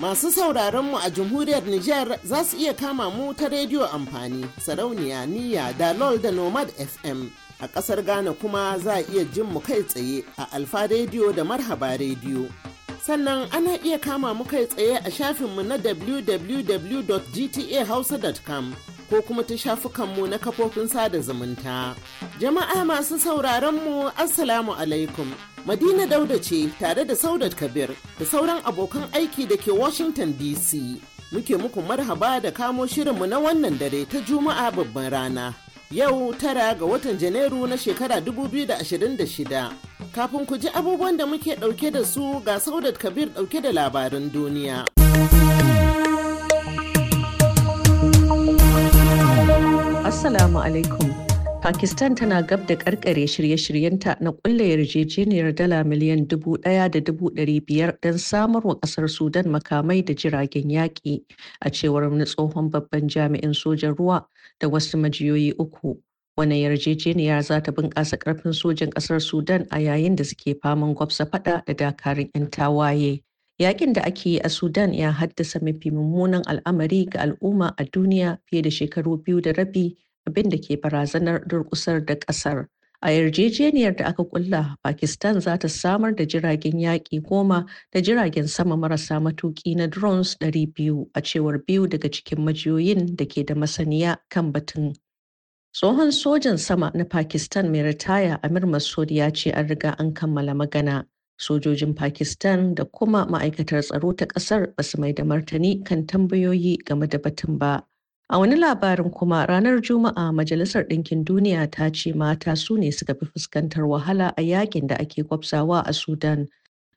Masu sauraron mu a jamhuriyar Nijar za su iya kama mu ta rediyo amfani, sarauniya niyya da lol da nomad FM. A ƙasar Ghana kuma za a iya jin mu kai tsaye a Alfa rediyo da Marhaba rediyo. Sannan ana iya kama mu kai tsaye a shafinmu na www.gtahausa.com ko kuma ta shafukanmu na kafofin sada zumunta. Jama'a masu sauraron mu Assalamu alaikum. Madina Dauda ce tare da Saudat Kabir da sauran abokan aiki da ke Washington DC. Muke muku marhaba da kamo shirinmu na wannan dare ta Juma'a babban rana. Yau tara ga watan Janairu na shekara 2026. Kafin ku ji abubuwan da muke ɗauke da su ga Saudat Kabir ɗauke da labarin duniya. Assalamu alaikum. Pakistan tana gab da karkare shirye-shiryenta na kulle yarjejeniyar dala miliyan dubu ɗaya da dubu ɗari biyar don samarwa wa ƙasar Sudan makamai da jiragen yaƙi a cewar wani tsohon babban jami'in sojan ruwa da wasu majiyoyi uku. Wannan yarjejeniyar za ta bunƙasa karfin sojan ƙasar Sudan a yayin da suke faman gwabsa faɗa da dakarun 'yan tawaye. Yaƙin da ake yi a Sudan ya haddasa mafi mummunan al'amari ga al'umma a duniya fiye da shekaru biyu da rabi abin da ke barazanar durƙusar da ƙasar. A yarjejeniyar da aka kulla, Pakistan za ta samar da jiragen yaƙi goma da jiragen sama marasa matuƙi na drones 200 a cewar biyu daga cikin majiyoyin da ke da masaniya kan batun. Tsohon sojan sama na Pakistan mai ritaya Amir Masood ya ce an riga an kammala magana. Sojojin Pakistan da kuma ma'aikatar tsaro ta ƙasar ba su mai da martani kan tambayoyi game da batun ba. A wani labarin kuma ranar Juma'a Majalisar Ɗinkin Duniya ta ce mata su ne suka fi fuskantar wahala a yakin da ake kwabsawa a Sudan.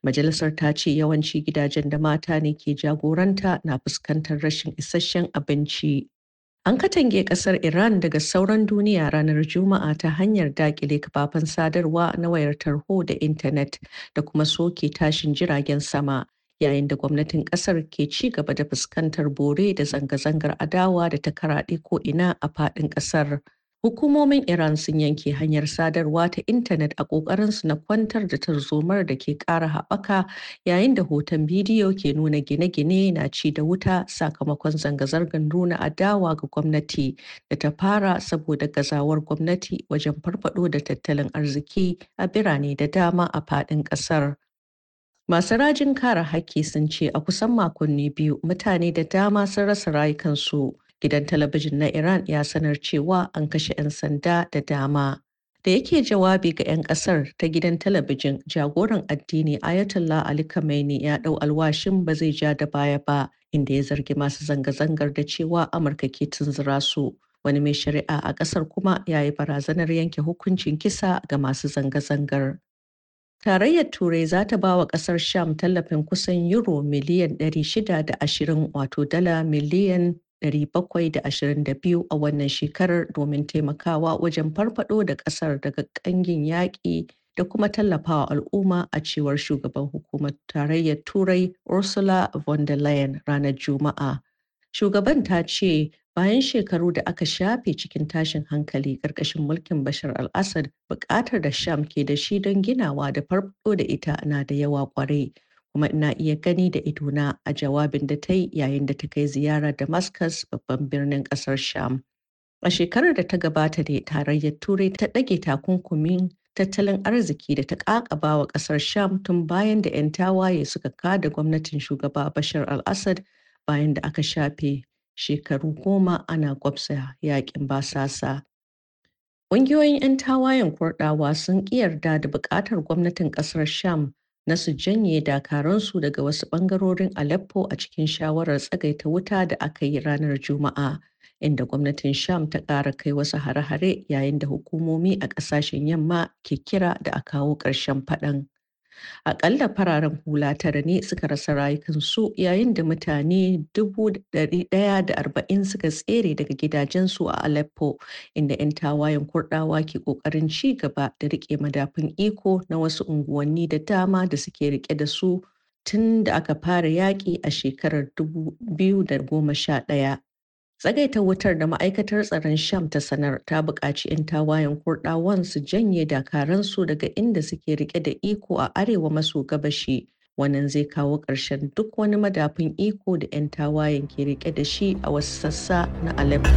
Majalisar ta ce yawanci gidajen da mata ne ke jagoranta na fuskantar rashin isasshen abinci. An katange ƙasar Iran daga sauran duniya ranar Juma'a ta hanyar daƙile kafafen sadarwa na wayar tarho da intanet da kuma soke tashin jiragen sama. yayin da gwamnatin kasar ke ci gaba da fuskantar bore da zanga-zangar adawa da ta karaɗe ko'ina a faɗin ƙasar Hukumomin Iran sun yanke hanyar sadarwa ta intanet a ƙoƙarinsu na kwantar da tarzomar da ke ƙara haɓaka yayin da hoton bidiyo ke nuna gine-gine na ci da wuta sakamakon zanga-zangar nuna adawa ga gwamnati da ta fara saboda gazawar gwamnati wajen farfaɗo da tattalin arziki a birane da dama a faɗin ƙasar. Masu rajin kare haƙƙi sun ce a kusan makonni biyu mutane da dama sun rasa rayukansu. Gidan talabijin na Iran ya sanar cewa an kashe 'yan sanda da dama. Da yake jawabi ga 'yan ƙasar ta gidan talabijin, jagoran addini Ayatollah Ali Khamenei ya ɗau alwashin ba zai ja da baya ba, inda ya zargi masu zanga-zangar da cewa Amurka ke tunzura su. Wani mai shari'a a ƙasar kuma ya yi barazanar yanke hukuncin kisa ga masu zanga-zangar. Tarayyar Turai za ta ba wa ƙasar Sham tallafin kusan Euro miliyan 620 wato dala miliyan 722 a wannan shekarar domin taimakawa wajen farfaɗo da ƙasar daga ƙangin yaƙi da kuma tallafawa al'umma a cewar shugaban hukumar tarayyar Turai Ursula von der Leyen ranar Juma'a. Shugaban ta ce Bayan shekaru da aka shafe cikin tashin hankali ƙarƙashin mulkin Bashar al-Assad, buƙatar da Sham ke da shi don ginawa da farfaɗo da ita na da yawa ƙwarai, kuma ina iya gani da idona a jawabin da ta yi yayin da ta kai ziyara Damascus babban birnin ƙasar Sham. A shekarar da ta gabata ne tarayyar Turai ta ɗage takunkumin tattalin arziki da ta ƙaƙaba wa ƙasar Sham tun bayan da 'yan tawaye suka kada gwamnatin shugaba Bashar al-Assad bayan da aka shafe shekaru goma ana gwabza yaƙin basasa. Ƙungiyoyin 'yan tawayen Kurɗawa sun ƙi yarda da buƙatar gwamnatin ƙasar Sham na su janye dakaransu daga wasu ɓangarorin Aleppo a cikin shawarar tsagaita wuta da aka yi ranar Juma'a, inda gwamnatin Sham ta ƙara kai wasu hare-hare yayin da hukumomi a ƙasashen yamma ke kira da a kawo ƙarshen faɗan. Akalla fararen hula tara ne suka rasa rayukansu yayin da mutane 140 suka tsere daga gidajensu a Aleppo, inda 'yan tawayen kurdawa ke kokarin ci gaba da rike madafun iko na wasu unguwanni da dama da suke rike da su tun da aka fara yaƙi a shekarar 2011. tsagaita wutar da ma'aikatar tsaron sham ta sanar ta buƙaci 'yan tawayen kurɗawan su janye dakaransu daga inda suke rike da iko a arewa maso gabashi wannan zai kawo ƙarshen duk wani madafin iko da 'yan tawayen ke rike da shi a wasu sassa na aleppo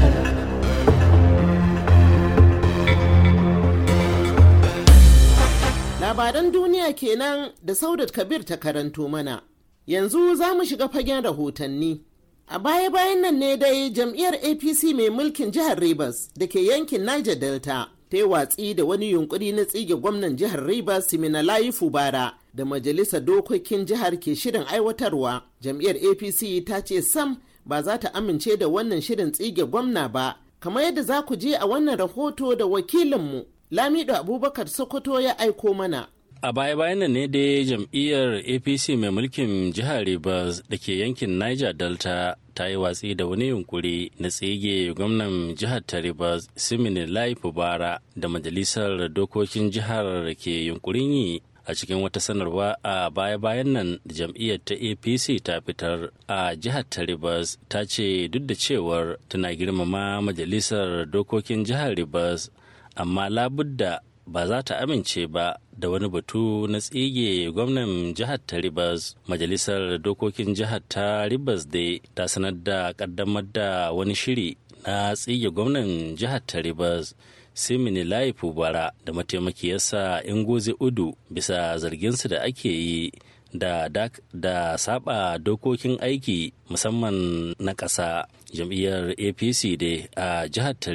labaran duniya kenan da saudat kabir ta karanto mana yanzu za mu shiga fagen rahotanni A baya-bayan nan ne dai jam'iyyar APC mai mulkin jihar Rivers da ke yankin Niger Delta ta yi watsi da wani yunkuri na tsige gwamnan jihar Rivers Siminalayi Fubara da majalisar dokokin jihar ke shirin aiwatarwa. Jam'iyyar APC ta ce sam ba za ta amince da wannan shirin tsige gwamna ba, kamar yadda za ku je a wannan rahoto da wakilinmu Lamido Abubakar Sokoto ya aiko mana. A baya-bayan nan ne dai jam'iyyar APC mai mulkin jihar Rivers da ke yankin Niger Delta ta yi watsi da wani yunkuri na tsige gwamnan jihar ta Rivers Simini Lai Fubara da majalisar dokokin jihar da ke yunkurin yi a cikin wata sanarwa a baya-bayan nan jam'iyyar ta apc ta fitar a jihar ta rivers ta ce duk da cewar tana girmama majalisar dokokin jihar rivers amma labudda ba za ta amince ba da wani batu na tsige gwamnan jihar ta ribas Majalisar dokokin jihar ta ribas dai ta sanar da kaddamar da wani shiri na tsige gwamnan jihar ta ribas Simini Layi Fubara da mataimakiyarsa Ingozi Udu bisa zarginsu da ake yi da, da saba dokokin aiki musamman na ƙasa jam'iyyar apc dai a jihar ta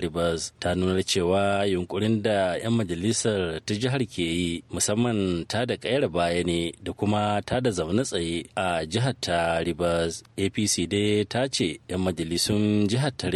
ta nuna cewa yunkurin da 'yan majalisar ta jihar ke yi musamman ta da kayar baya ne da kuma ta da zaune tsaye a jihar ta rivers apc dai ta ce 'yan majalisun jihar ta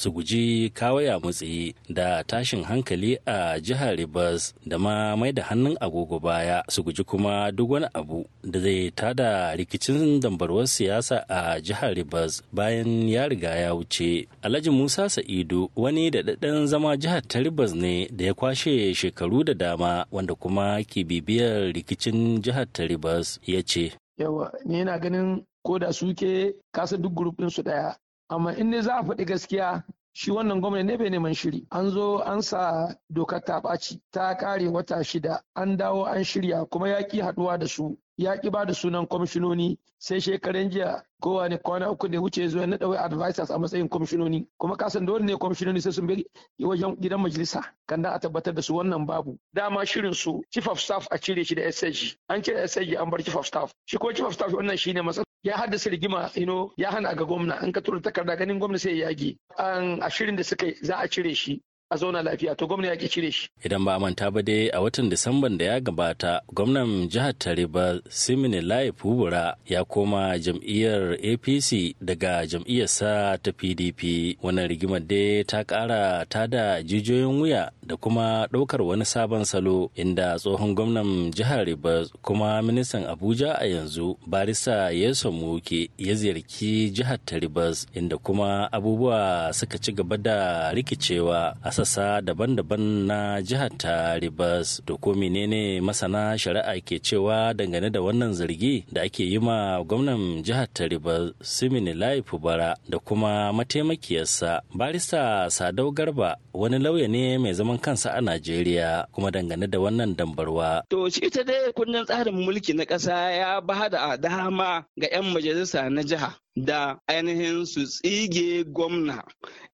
su guji kawaya mutsi da tashin hankali a jihar rivers da ma mai da hannun agogo baya su guji kuma duk wani abu da zai tada rikicin dambarwar siyasa a jihar rivers bayan ya riga ya wuce. Alhaji Musa Sa'idu wani daɗaɗɗen zama jihar Taribas ne da ya kwashe shekaru da dama wanda kuma ke bibiyar rikicin jihar Taribas ya ce. Yawa, ni na ganin ko da suke kasa duk gurufin su ɗaya. Amma in ne za a faɗi gaskiya shi wannan gwamnati ne bai neman shiri an zo an sa dokar ta ɓaci ta ƙare wata shida an dawo an shirya kuma ya haɗuwa da su ya ki ba da sunan kwamishinoni sai shekaran jiya kowa ne kwana uku da wuce zuwa na dawai advisors a matsayin kwamishinoni kuma kasan dole ne kwamishinoni sai sun bi wajen gidan majalisa kan da a tabbatar da su wannan babu dama shirin su chief of staff a cire shi da SSG an cire SSG an bar chief of staff shi ko chief of staff wannan shine matsala ya haddasa rigima ino ya hana ga gwamna an ka tura takarda ganin gwamna sai ya yage an a shirin da suka za a cire shi a zauna lafiya to gwamna ya ki cire shi. Idan ba manta ba dai a watan Disamban da ya gabata gwamnan jihar Tareba Simini Lai Fubura ya koma jam'iyyar APC daga jam'iyyar jam'iyyarsa ta PDP. Wannan rigimar dai ta kara ta da jijiyoyin wuya da kuma ɗaukar wani sabon salo inda tsohon gwamnan jihar Rivers kuma ministan Abuja a yanzu Barisa Yeso Muke ya ziyarci jihar Taribas inda kuma abubuwa suka ci gaba da rikicewa a sassa daban-daban na jihar ta ribas To ko menene masana shari'a ke cewa dangane da wannan zargi da ake yi ma gwamnan jihar ta ribas Simini laifu bara da kuma mataimakiyarsa barista Sadau Garba wani lauya ne mai zaman kansa a Najeriya kuma dangane da wannan dambarwa. To shi ta dai kundin tsarin mulki na ƙasa ya ba da dama ga 'yan majalisa na jiha da ainihin su tsige gwamna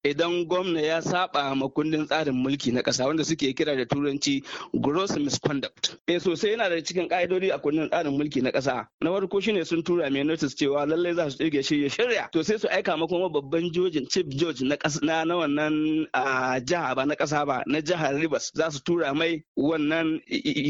idan gwamna ya saba ma kundin tsarin mulki na ƙasa wanda suke kira da turanci gross misconduct eh sosai yana da cikin ƙa'idodi a kundin tsarin mulki na ƙasa na farko shine sun tura mai notice cewa lallai za su tsige shi ya shirya to sai su aika ma kuma babban jojin chief judge na na wannan ah, jiha ba na ƙasa ba na jihar Rivers za su tura mai wannan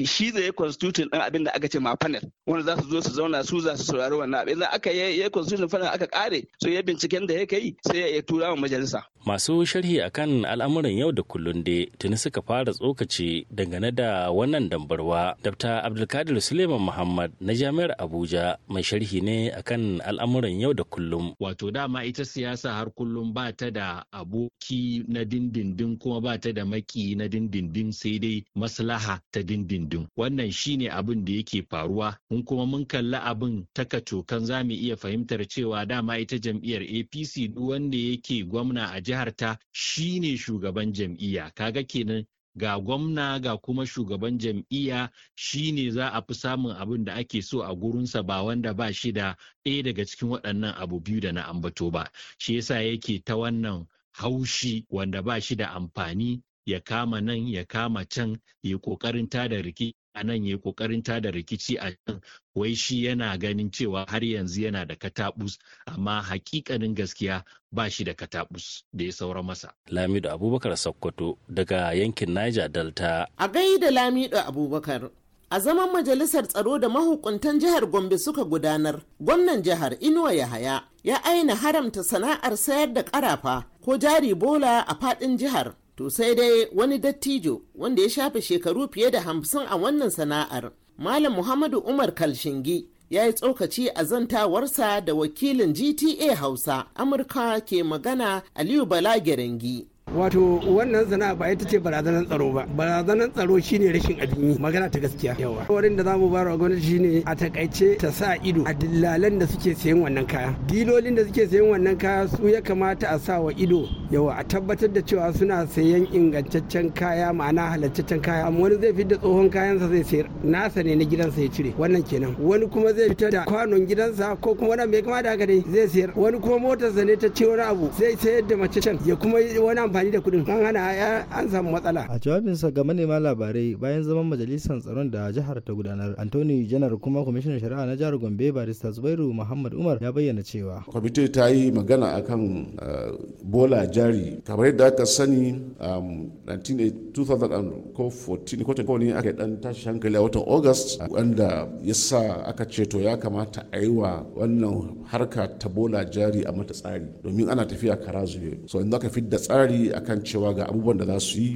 shi zai yi constitution din abin da aka ce ma panel wanda za su zo su zauna su za su saurari wannan abin idan aka yi constitution panel aka kare so ya binciken da ya kai sai ya tura wa majalisa masu sharhi akan al'amuran yau da kullun da tuni suka fara tsokaci dangane da wannan dambarwa dr abdulkadir suleiman muhammad na jami'ar abuja mai sharhi ne akan al'amuran yau da kullum wato dama ita siyasa har kullum ba ta da aboki na dindindin dindindin kuma ba ta da maki na dindindin sai dai maslaha ta dindindin wannan shine abin da yake faruwa mun kuma mun kalli abin takatokan za mu iya fahimtar cewa dama ita jam'iyyar apc duk wanda yake gwamna a jihar ta shine shugaban jam'iyya kaga kenan ga gwamna ga kuma shugaban jam'iyya shine za a fi samun abin da ake so a gurinsa ba wanda ba shi da ɗaya daga cikin waɗannan abu biyu da na ambato ba shi yasa yake ta wannan haushi wanda ba shi da amfani ya kama nan ya kama can ya kokarin da rikici a nan ya kokarin tada rikici a can wai shi yana ganin cewa har yanzu yana da katabus amma hakikanin gaskiya ba shi da katabus da ya saura masa. Lamido Abubakar Sokoto daga yankin Niger Delta. A gaida Lamido Abubakar. a zaman majalisar tsaro da mahukuntan jihar gombe suka gudanar gwamnan jihar inuwa yahaya ya aina haramta sana'ar sayar da karafa ko jari bola a fadin jihar to sai dai wani dattijo wanda ya shafe shekaru fiye da hamsin a wannan sana'ar malam muhammadu umar kalshingi ya yi tsokaci a zantawarsa da wakilin gta hausa amurka ke magana aliyu bala gerengi wato wannan sana'a ba ita ce barazanar tsaro ba barazanar tsaro shine rashin abin yi magana ta gaskiya yawa wurin da zamu bayar wa gwamnati shine a takaice ta sa ido a dillalan da suke sayan wannan kaya dilolin da suke sayan wannan kaya su ya kamata a sa wa ido yawa a tabbatar da cewa suna sayan ingantaccen kaya ma'ana halaccen kaya amma wani zai fitar da tsohon kayansa zai sayar nasa ne na gidansa ya cire wannan kenan wani kuma zai fitar da kwanon gidansa ko kuma wani mai kama da haka dai zai sayar wani kuma motarsa ne ta ce wani abu zai sayar da mace can ya kuma wani amfani amfani da kudin kan hana an samu matsala. A jawabinsa ga manema labarai bayan zaman majalisar tsaron da jihar ta gudanar, Antoni Janar kuma kwamishinan shari'a na jihar Gombe barista Zubairu Muhammad Umar ya bayyana cewa. Kwamitin ta yi magana akan uh, bola jari kamar yadda aka sani 2014 um, ko kone aka dan tashi hankali a watan August wanda ya sa aka ce to ya kamata a yi wa wannan harka ta bola jari a mata tsari domin ana tafiya kara zube. So in ka fidda tsari akan cewa ga abubuwan da za su yi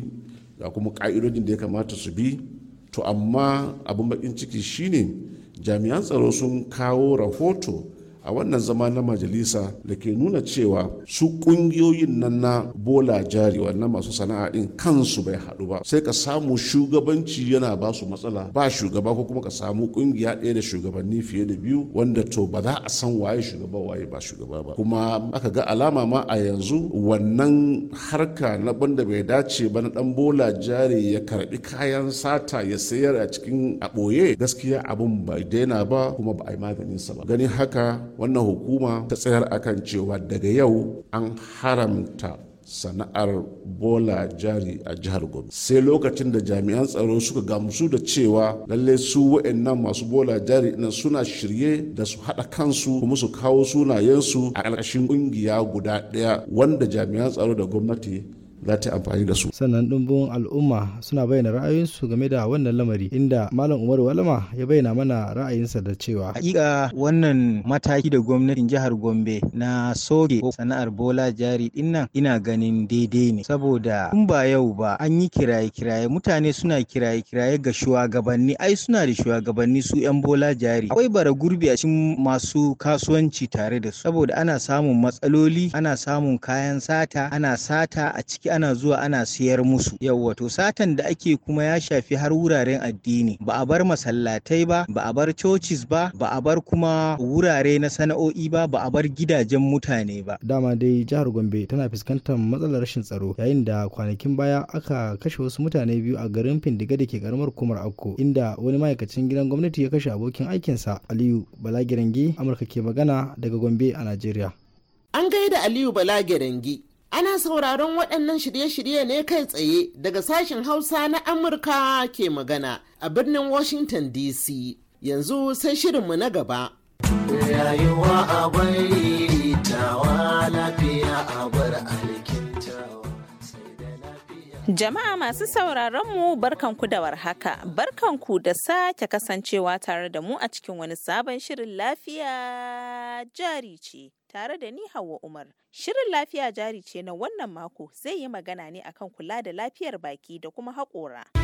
ga kuma ƙa'idodin da ya kamata su bi to amma abin bakin ciki shine jami'an tsaro sun kawo rahoto a wannan zama na majalisa da ke nuna cewa su kungiyoyin nan na bola jari wannan masu sana'a din kansu bai haɗu ba sai ka samu shugabanci yana ba su matsala ba shugaba ko kuma ka samu kungiya ɗaya da shugabanni fiye da biyu wanda to ba za a san waye shugaba waye ba shugaba ba kuma aka ga alama ma a yanzu wannan harka na banda bai dace ba na dan bola jari ya karbi kayan sata ya sayar a cikin a ɓoye gaskiya abin bai daina ba kuma ba a yi maganinsa ba Gani haka wannan hukuma ta tsayar akan cewa daga yau an haramta sana'ar bola jari a jihar Gombe. Sai lokacin da jami'an tsaro suka gamsu da cewa lalle su wa'annan masu bola jari na suna shirye da su haɗa kansu kuma su kawo sunayensu a ƙarƙashin ƙungiya guda ɗaya wanda jami'an tsaro da gwamnati za ta amfani da su sannan ɗumbin al'umma suna bayyana ra'ayinsu game da wannan lamari inda malam umar walama ya bayyana mana ra'ayinsa da cewa hakika wannan mataki da gwamnatin jihar gombe na soke ko sana'ar bola jari ɗinnan. ina ganin daidai ne saboda in ba yau ba an yi kiraye kiraye mutane suna kiraye kiraye ga shugabanni ai suna da shugabanni su yan bola jari akwai bara gurbi a cikin masu kasuwanci tare da su saboda ana samun matsaloli ana samun kayan sata ana sata a ciki ana zuwa ana siyar musu yawwa to satan da ake kuma ya shafi har wuraren addini ba a bar masallatai ba ba a bar churches ba ba a bar kuma wurare na sana'o'i ba ba a bar gidajen mutane ba dama dai jihar gombe tana fuskantar matsalar rashin tsaro yayin da kwanakin baya aka kashe wasu mutane biyu a garin findiga da ke karamar kumar akko inda wani ma'aikacin gidan gwamnati ya kashe abokin aikinsa aliyu balagirangi amurka ke magana daga gombe a najeriya an gaida aliyu balagirangi Ana sauraron waɗannan shirye-shirye ne kai tsaye daga sashen Hausa na Amurka ke magana a birnin Washington DC. Yanzu sai shirinmu na gaba. Jama'a masu sauraron mu barkanku da warhaka, barkanku da sake kasancewa tare da mu a cikin wani sabon shirin lafiya jari ce tare da ni Hauwa Umar. Shirin lafiya jari ce na wannan mako zai yi magana ne akan kula da lafiyar baki da kuma haƙora.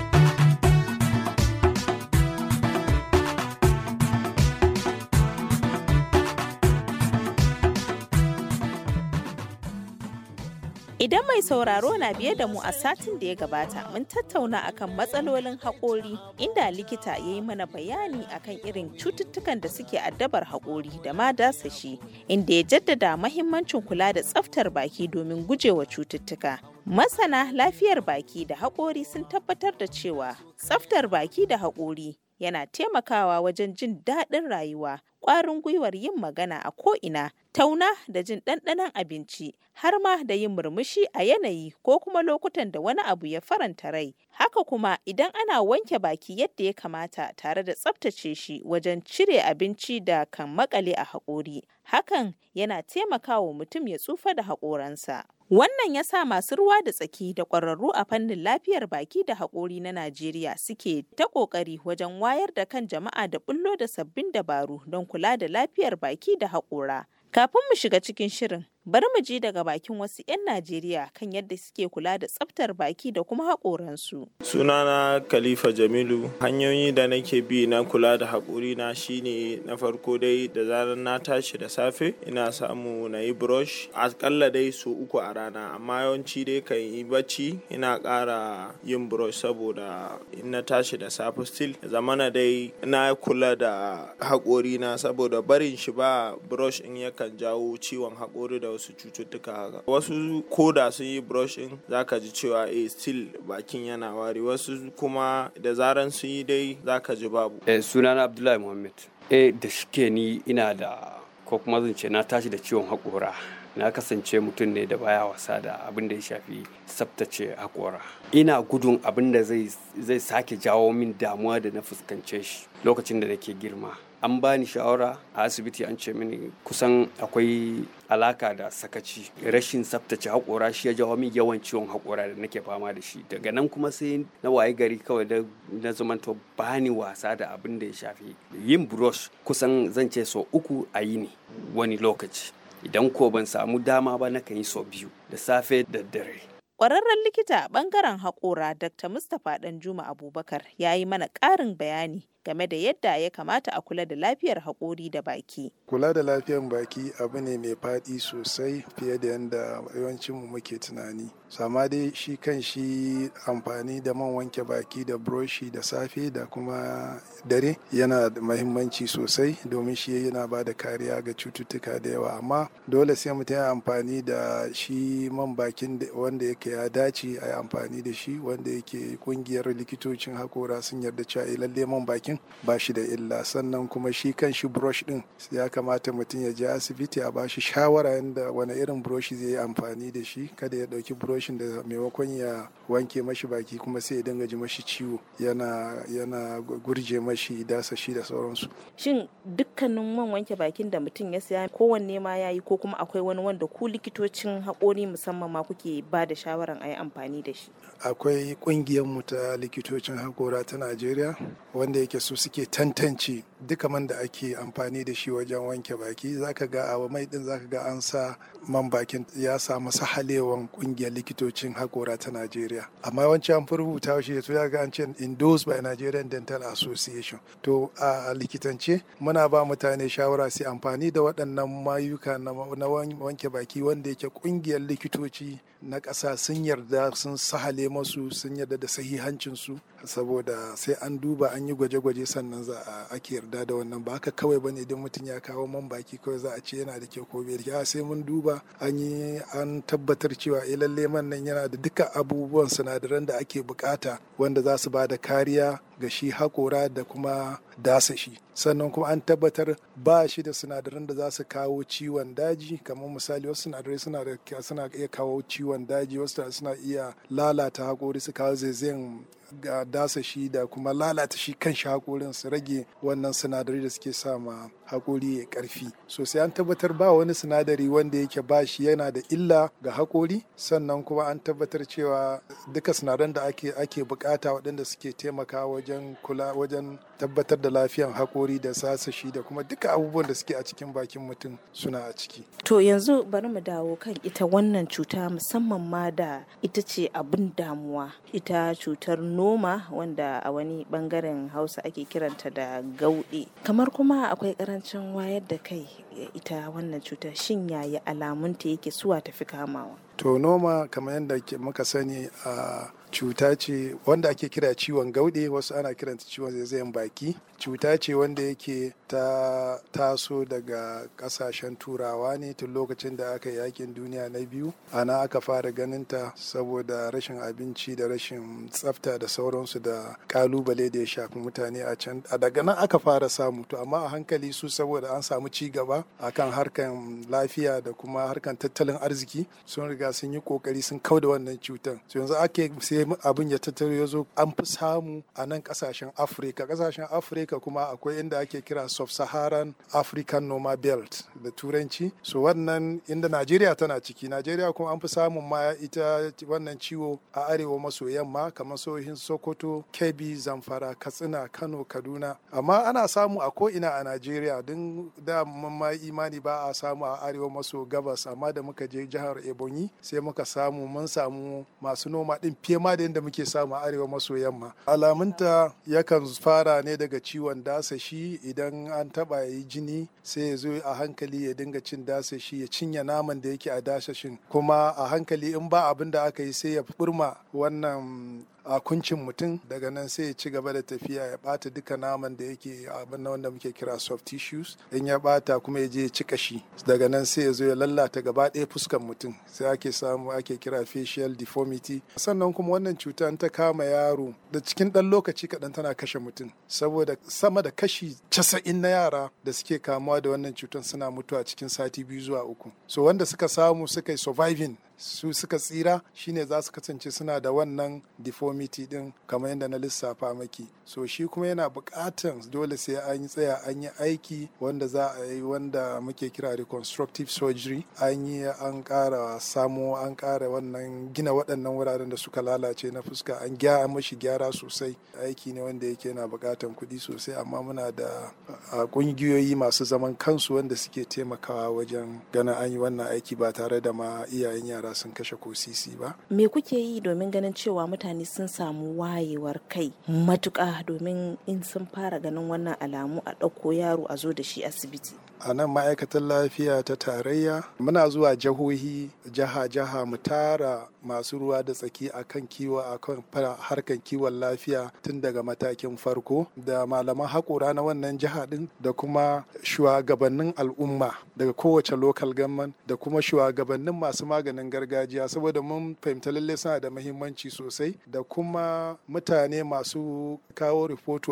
Idan mai sauraro na biye da mu a satin da ya gabata mun tattauna akan matsalolin haƙori inda likita ya yi mana bayani akan irin cututtukan da suke addabar haƙori da ma dasa shi, inda ya jaddada mahimmancin kula da tsaftar baki domin gujewa cututtuka. Masana lafiyar baki da haƙori sun tabbatar da cewa tsaftar baki da haƙori yana taimakawa wajen jin daɗin rayuwa ƙwarin gwiwar yin magana a ko'ina, tauna da jin ɗanɗanon abinci, har ma da yin murmushi a yanayi ko kuma lokutan da wani abu ya faranta rai. Haka kuma idan ana wanke baki yadda ya kamata tare da tsaftace shi wajen cire abinci da kan makale a haƙori, hakan yana taimakawa mutum ya tsufa da haƙoransa. Wannan ya sa masu ruwa da tsaki da ƙwararru a fannin lafiyar baki da haƙori na Najeriya suke ta ƙoƙari wajen wayar da kan jama'a da bullo da sabbin dabaru don kula da lafiyar baki da haƙora. Kafin mu shiga cikin shirin, Bari mu ji daga bakin wasu 'yan Najeriya kan yadda suke kula da tsaftar baki da kuma haƙoransu. Sunana Khalifa Jamilu, hanyoyi da nake bi na kula da na shine na farko dai da zarar na tashi da safe ina samu na yi brush aƙalla dai su uku a rana amma yawanci dai kan yi bacci ina ƙara yin brush saboda in tashi da safe still zamana dai na kula da na saboda barin shi ba brush in yakan jawo ciwon haƙori da wasu cututtuka haka wasu koda sun yi brushing zaka ji cewa eh still bakin yana wari wasu kuma da zaran sun yi dai zaka ji babu eh sunana Abdullahi muhammed eh da shike ni ina da ko kuma zan ce na tashi da ciwon haƙora na kasance mutum ne da baya wasa da abin da ya shafi tsaftace haƙora ina gudun abin da zai sake jawo min damuwa da na fuskance shi lokacin da nake girma an bani shawara a asibiti an ce mini kusan akwai alaka da sakaci rashin tsaftace haƙora shi ya jawo min yawan ciwon haƙora da nake fama da shi daga nan kuma sai na waye gari kawai da na zamanto bani wasa da abin da ya shafi yin brush kusan zan ce so uku a yi ne wani lokaci idan ko ban samu dama ba nakan yi so biyu da safe da dare Ƙwararren likita a ɓangaren haƙora Dr. Mustapha Danjuma Abubakar ya yi mana ƙarin bayani game da yadda ya kamata a kula da lafiyar haƙori da baki. Kula da lafiyar baki abu ne mai faɗi sosai fiye da yadda yawancinmu muke tunani. Sama dai shi kan shi amfani da man wanke baki da buroshi da safe da kuma dare yana da mahimmanci sosai domin shi yana ba da kariya ga cututtuka da yawa amma dole sai mutum ya amfani da shi man bakin wanda yake ya dace a yi amfani da shi wanda yake kungiyar likitocin haƙora sun yarda cewa eh, lalle man bakin bakin ba shi da illa sannan kuma shi kan shi brush din ya kamata mutum ya je asibiti a ba shi shawara yadda wani irin brush zai yi amfani da shi kada ya dauki brushin da maimakon ya wanke mashi baki kuma sai ya dinga ji mashi ciwo yana yana gurje mashi dasa shi da sauransu shin dukkanin man wanke bakin da mutum ya saya kowanne ma ya yi ko kuma akwai wani wanda ku likitocin haƙori musamman ma kuke ba da shawaran a yi amfani da shi akwai mu ta likitocin haƙora ta najeriya wanda yake su suke tantance duka man da ake amfani da shi wajen wanke baki zaka ga a mai din zaka ga an sa man bakin ya samu sahalewan kungiyar likitocin hakora ta Najeriya amma yawanci an rubuta shi to zaka ga an ce endorsed by Nigerian Dental Association to a likitance muna ba mutane shawara su amfani da waɗannan mayuka na wanke baki wanda yake kungiyar likitoci na ƙasa sun yarda sun sahale masu sun yarda da sahihancin su saboda sai an duba an yi gwaje-gwaje gwaje sannan za a ake yarda da wannan ba haka kawai bane idan mutum ya kawo man baki kawai za a ce yana da kyau ko bai da sai mun duba an yi an tabbatar cewa eh lalle man nan yana da duka abubuwan sinadaran da ake bukata wanda za su ba da kariya ga shi haƙora da kuma dasa shi sannan kuma an tabbatar ba shi da sinadaran da za su kawo ciwon daji kamar misali wasu sinadarai suna da iya kawo ciwon daji wasu suna iya lalata hakori su kawo zaizayen ga dasa shi da kuma lalata shi kan shi haƙorin su rage wannan sinadari da suke sa ma haƙori ya ƙarfi sosai an tabbatar ba wani sinadari wanda yake ba shi yana da illa ga haƙori sannan kuma an tabbatar cewa duka sinadaran da ake ake bukata waɗanda suke taimaka wajen kula wajen tabbatar da lafiyan haƙori da sasashi da kuma duka abubuwan da suke a cikin bakin mutum suna a ciki. To yanzu bari mu dawo kan ita wannan cuta musamman ma da ita ce abin damuwa ita cutar noma wanda a wani bangaren hausa ake kiranta da gauɗe. Kamar kuma akwai karancin wayar da kai ita wannan cuta shin yaya alamunta yake suwa tafi kamawa. To noma kamar yadda muka sani a ah, cuta ce wanda ake kira ciwon gaude wasu ana kiranta ciwon zaizayen baki cuta ce wanda yake ta taso daga kasashen turawa ne tun lokacin da aka yakin duniya na biyu ana aka fara ganinta saboda rashin abinci da rashin tsafta da sauransu da kalubale da ya shafi mutane a can a daga nan aka fara samu to amma a hankali su saboda an samu ci gaba kan harkan lafiya da kuma harkan tattalin arziki sun riga sun yi kokari sun kauda wannan cutan so yanzu ake sai abin ya tattaro ya zo an fi samu a nan kasashen afirka kasashen afirka afirka kuma akwai inda ake kira sub-saharan african noma belt da turanci so wannan inda najeriya tana ciki najeriya kuma an fi samun ma ita wannan ciwo a arewa maso yamma kamar sohin sokoto kebbi zamfara katsina kano kaduna amma ana samu a ko ina a najeriya don da ma imani ba a samu a arewa maso gabas amma da muka je jihar ebonyi sai muka samu mun samu masu noma din fiye ma da yadda muke samu a arewa maso yamma alamunta yakan fara ne daga ciwo ciwon dasashi idan an taba yi jini sai ya zo a hankali ya dinga cin dasashi ya cinye naman da yake a dasashin kuma a hankali in ba abin da aka yi sai ya burma wannan a kuncin mutum daga nan sai ya ci gaba da tafiya ya bata duka naman da yake abin na wanda muke kira soft tissues in ya bata kuma ya je ya ci kashi daga nan sai ya zo ya lalata gaba ɗaya fuskan mutum sai ake samu ake kira facial deformity sannan kuma wannan cuta ta kama yaro da cikin ɗan lokaci kaɗan tana kashe mutum saboda sama da kashi casa'in na yara da suke kamuwa da wannan cutar suna mutuwa cikin sati biyu zuwa uku so wanda suka samu suka yi surviving su suka tsira shine za su kasance suna da wannan deformity din kamar yadda na lissafa maki so shi kuma yana bukatan dole sai an tsaya an yi aiki wanda za a yi wanda muke kira reconstructive surgery an yi an ƙara samo an ƙara wannan gina waɗannan wuraren da suka lalace na fuska an gyara mashi gyara sosai aiki ne wanda yake yana bukatan kuɗi sosai amma muna da ƙungiyoyi masu zaman kansu wanda suke taimakawa wajen ganin an yi wannan aiki ba tare da ma iyayen yara ba sun kashe ko sisi ba me kuke yi domin ganin cewa mutane sun samu wayewar kai matuƙa domin in sun fara ganin wannan alamu a ɗauko yaro a zo da shi asibiti a nan ma'aikatan lafiya ta tarayya muna zuwa jahohi jaha-jaha mu tara masu ruwa da tsaki a kan kiwo a kan harkar kiwon lafiya tun daga matakin farko da malaman haƙura na wannan jiha ɗin da kuma shugabannin al'umma daga kowace lokal gamman da kuma shugabannin masu maganin gargajiya saboda mun fahimta lalle suna da mahimmanci sosai da kuma mutane masu kawo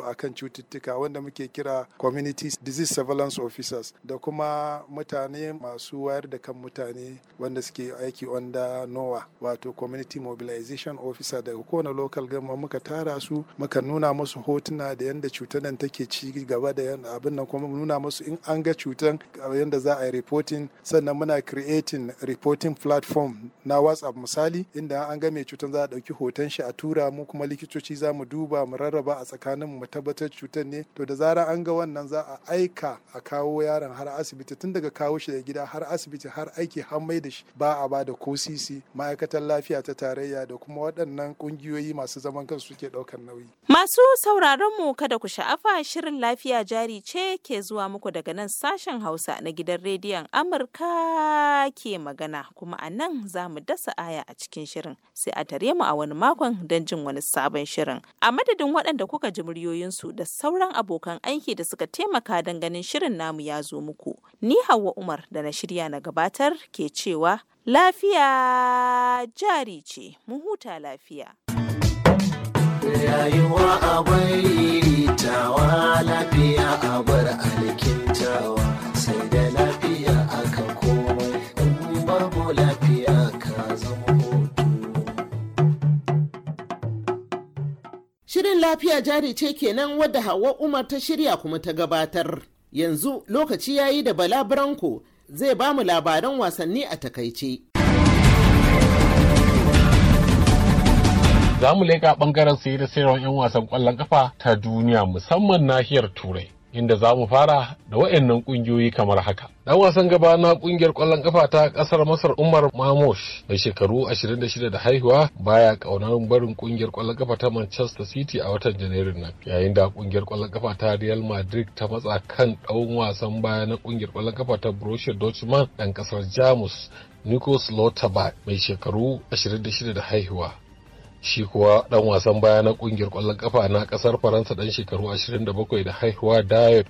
a kan cututtuka wanda muke kira community disease surveillance officers da kuma mutane masu wayar da kan mutane wanda suke aiki wanda nowa wato community mobilization officer daga kowane local gama muka tara su muka nuna musu hotuna da yadda cutar nan take ci gaba da abin nan kuma nuna musu in an ga cutar yadda za a yi reporting sannan muna creating reporting platform na whatsapp misali inda an ga mai cutar za a ɗauki hoton shi a tura mu kuma likitoci za mu duba mu rarraba a tsakanin mu tabbatar cutar ne to da zarar an ga wannan za a aika a kawo yaron har asibiti tun daga kawo shi da gida har asibiti har aiki har mai da shi ba a ba da ko sisi ma'aikatan lafiya ta tarayya da kuma waɗannan ƙungiyoyi masu zaman kansu suke ɗaukar nauyi. Masu sauraron mu kada ku sha'afa shirin lafiya jari ce ke zuwa muku daga nan sashen Hausa na gidan rediyon Amurka ke magana kuma a nan za mu dasa aya a cikin shirin sai a tare mu a wani makon don jin wani sabon shirin. A madadin waɗanda kuka ji muryoyinsu da sauran abokan aiki da suka taimaka don ganin shirin namu ya zo muku. Ni Hauwa Umar da na shirya na gabatar ke cewa lafiya jari ce, mu huta lafiya. Rayuwa lafiya. Shirin lafiya jari ce kenan wadda Hauwa Umar ta shirya kuma ta gabatar. Yanzu lokaci ya yi da Bala Branko zai ba mu labaran wasanni a takaice. Za mu leƙa ɓangaren sayar da sayarwar 'yan wasan ƙwallon ƙafa ta duniya musamman nahiyar Turai. inda za mu fara da waɗannan ƙungiyoyi kamar haka. Dan wasan gaba na ƙungiyar ƙwallon ƙafa ta ƙasar Masar Umar Mamosh mai shekaru 26 da haihuwa baya ƙaunar barin ƙungiyar ƙwallon ƙafa ta Manchester City a watan Janairun nan. Yayin da ƙungiyar ƙwallon ƙafa ta Real Madrid ta matsa kan ɗan wasan baya na ƙungiyar ƙwallon ƙafa ta Borussia Dortmund ɗan ƙasar Jamus Nikos Lauterbach mai shekaru 26 da haihuwa. shi kuwa dan wasan baya na kungiyar kwallon kafa na kasar faransa dan shekaru 27 da haihuwa diet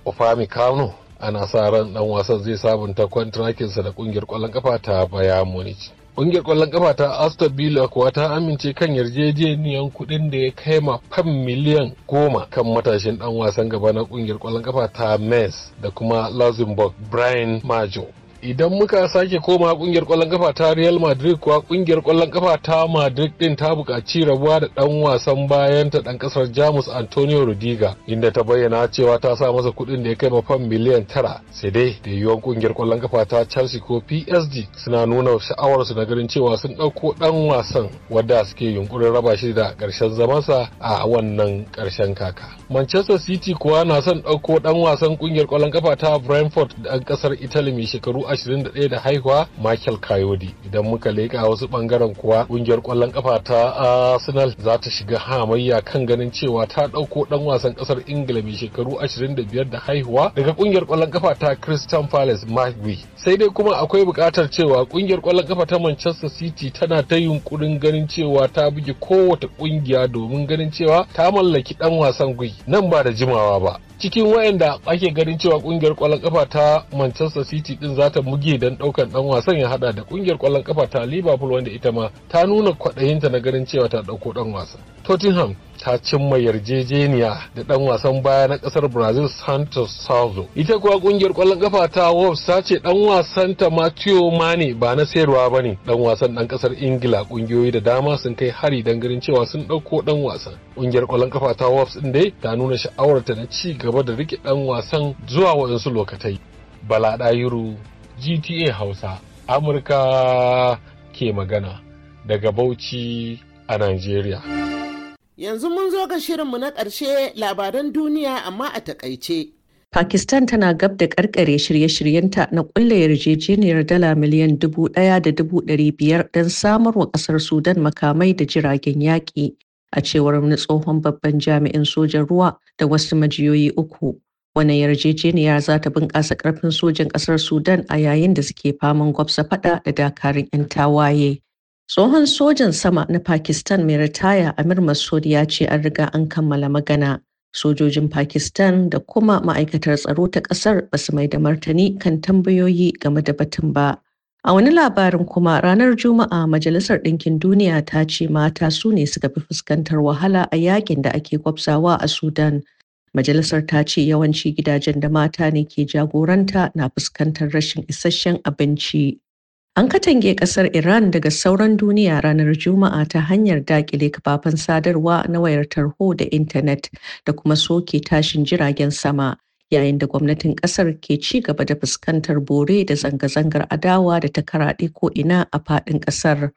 kano ana sa ran dan wasan zai sabunta kwantrakinsa da kungiyar kwallon kafa ta baya munich Ƙungiyar kwallon ƙafa ta Aston Villa kuwa ta amince kan yarjejeniyar kuɗin da ya kai ma fam miliyan goma kan matashin ɗan wasan gaba na ƙungiyar kwallon ƙafa ta mes da kuma Luxembourg Brian Majo. idan muka sake koma kungiyar kwallon kafa ta real madrid kuwa kungiyar kwallon kafa ta madrid din ta buƙaci rabuwa da dan wasan bayan ta dan kasar jamus antonio rudiga inda ta bayyana cewa ta sa masa kuɗin da ya kai mafan miliyan tara sai dai da yiwuwar kungiyar kwallon kafa ta chelsea ko psg suna nuna sha'awarsu na ganin cewa sun ɗauko dan wasan wadda suke yunkurin raba shi da ƙarshen zamansa a wannan ƙarshen kaka manchester city kuwa na son ɗauko dan wasan kungiyar kwallon kafa ta brentford dan kasar italy mai shekaru 21 da haihuwa Michael Kayodi idan muka leƙa wasu bangaren kuwa ƙungiyar kwallon kafa ta Arsenal za ta shiga hamayya kan ganin cewa ta ɗauko ɗan wasan ƙasar Ingila mai shekaru 25 da haihuwa daga ƙungiyar kwallon kafa ta Crystal Palace Magui sai dai kuma akwai buƙatar cewa ƙungiyar kwallon kafa ta Manchester City tana ta yunkurin ganin cewa ta buge kowace ƙungiya domin ganin cewa ta mallaki ɗan wasan gwi nan ba da jimawa ba cikin wayanda ake ganin cewa kungiyar kwallon kafa ta Manchester City din za ta muge don daukan dan wasan ya hada da kungiyar kwallon kafa ta Liverpool wanda ita ma ta nuna kwadayinta na ganin cewa ta dauko dan wasan. Tottenham ta cimma yarjejeniya da dan wasan baya na kasar brazil santos salvo ita kuwa kungiyar kwallon kafa ta wolves ta ce dan wasan ta matthew mani ba na sayarwa ba ne dan wasan dan kasar ingila kungiyoyi da dama sun kai hari dan ganin cewa sun dauko dan wasan kungiyar kwallon kafa ta wolves din dai ta nuna sha'awar ta na ci gaba da rike dan wasan zuwa waɗansu lokatai bala dayuru gta hausa amurka ke magana daga bauchi a nigeria Yanzu mun zo ga shirinmu na ƙarshe labaran duniya amma a takaice. Pakistan tana gab da karkare shirye-shiryenta na kulle yarjejeniyar dala miliyan dubu ɗaya da dubu ɗari biyar don samar wa ƙasar Sudan makamai da jiragen yaƙi, a cewar wani tsohon babban jami'in sojan ruwa da wasu majiyoyi uku. Wannan yarjejeniya za ta bunƙasa ƙarfin sojan ƙasar Sudan a yayin da suke faman gwabsa faɗa da dakarun 'yan tawaye. Tsohon sojan sama na Pakistan mai ritaya Amir Masood ya ce an riga an kammala magana. Sojojin Pakistan da kuma ma'aikatar tsaro ta ƙasar ba su mai da martani kan tambayoyi game da batun ba. A wani labarin kuma ranar Juma'a Majalisar Ɗinkin Duniya ta ce mata su ne suka fi fuskantar wahala a yakin da ake kwabsawa a Sudan. Majalisar ta ce yawanci gidajen da mata ne ke jagoranta na fuskantar rashin isasshen abinci. An katange ƙasar Iran daga sauran duniya ranar Juma'a ta hanyar daƙile kafafen sadarwa na wayar tarho da intanet da kuma soke tashin jiragen sama. Yayin da gwamnatin ƙasar ke ci gaba da fuskantar bore da zanga-zangar adawa da ta karaɗe ko'ina a faɗin ƙasar.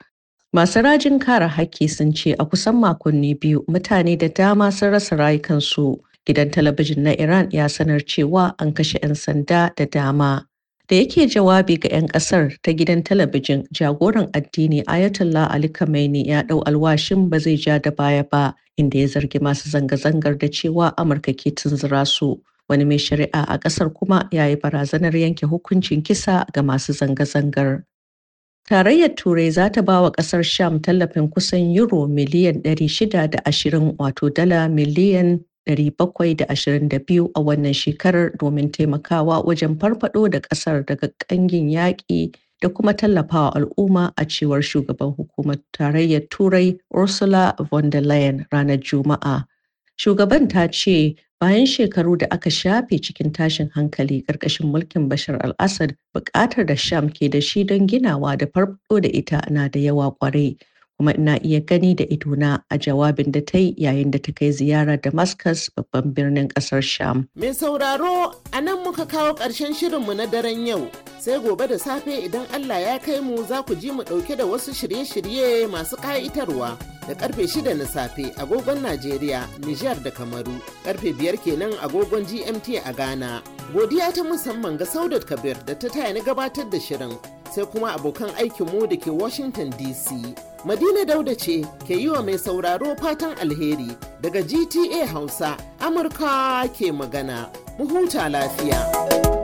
Masu rajin kare haƙƙi sun ce a kusan makonni biyu mutane da dama sun rasa rayukansu. Gidan talabijin na Iran ya sanar cewa an kashe 'yan sanda da dama. Da yake jawabi ga 'yan ƙasar ta gidan talabijin, jagoran addini Ayatollah Ali Khamenei ya ɗau alwashin ba zai ja da baya ba, inda ya zargi masu zanga-zangar da cewa Amurka ke tunzura su. Wani mai shari'a a ƙasar kuma ya yi barazanar yanke hukuncin kisa ga masu zanga-zangar. Tarayyar Turai za ta ba wa ƙasar Sham tallafin kusan Euro miliyan 620 wato dala miliyan 722 a wannan shekarar domin taimakawa wajen farfado da ƙasar daga ƙangin yaƙi da kuma tallafawa al'umma a cewar shugaban hukumar tarayyar turai ursula von der leyen ranar juma'a shugaban ta ce bayan shekaru da aka shafe cikin tashin hankali ƙarƙashin mulkin bashar al-assad buƙatar da sham ke da shi don ginawa da farfaɗo da ita na da yawa ƙwarai kuma ina iya gani da idona a jawabin da ta yi yayin da ta kai ziyara Damascus babban birnin kasar Sham. Mai sauraro a nan muka kawo ƙarshen shirinmu na daren yau sai gobe da safe idan Allah ya kai mu za ku ji mu ɗauke da wasu shirye-shirye masu ƙa'itarwa da karfe 6 na safe agogon Najeriya, Nijar da Kamaru, karfe 5 kenan agogon GMT a Ghana. Godiya ta musamman ga Saudat Kabir da ta taya ni gabatar da shirin sai kuma abokan aikinmu da ke Washington DC. Madina Dauda ce ke yi wa mai sauraro fatan alheri daga GTA Hausa, Amurka ke magana. Mu huta lafiya.